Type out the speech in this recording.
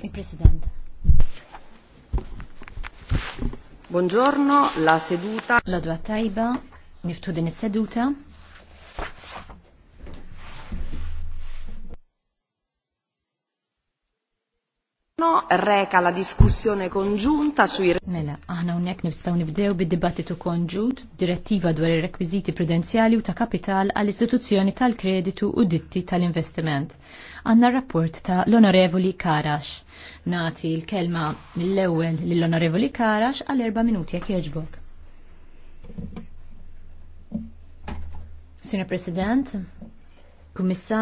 Il-President. Buongiorno, la seduta. La dua tajba, niftu din is-seduta. Reca la discussione congiunta sui... Mela, aħna unnek nifstaw nibdew bid-dibattitu konġut, direttiva dwar ir-rekwiziti prudenzjali u ta' kapital għall istituzzjoni tal-kreditu u ditti tal-investiment. Għanna rapport ta' l-Onorevoli Karax. Nati l-kelma mill-ewwel lill-Onorevoli Karax għal erba' minuti jekk jogħġbok. Sina President, Kummissar,